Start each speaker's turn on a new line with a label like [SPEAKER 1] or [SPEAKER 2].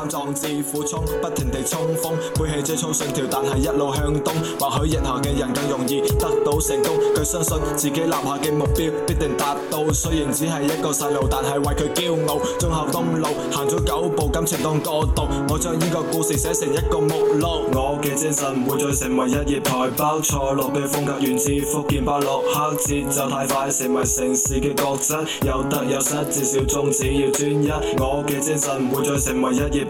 [SPEAKER 1] 三壯志苦衷，不停地衝鋒，背棄追衝信條，但係一路向東。或許日後嘅人更容易得到成功。佢相信自己立下嘅目標必定達到。雖然只係一個細路，但係為佢驕傲。最後東路行咗九步，感情當過渡。我將呢個故事寫成一個目錄。我嘅精神唔會再成為一頁，台胞錯落嘅風格源自福建巴洛克，節就太快成為城市嘅角質，有得有失，至少宗旨要專一。我嘅精神唔會再成為一頁。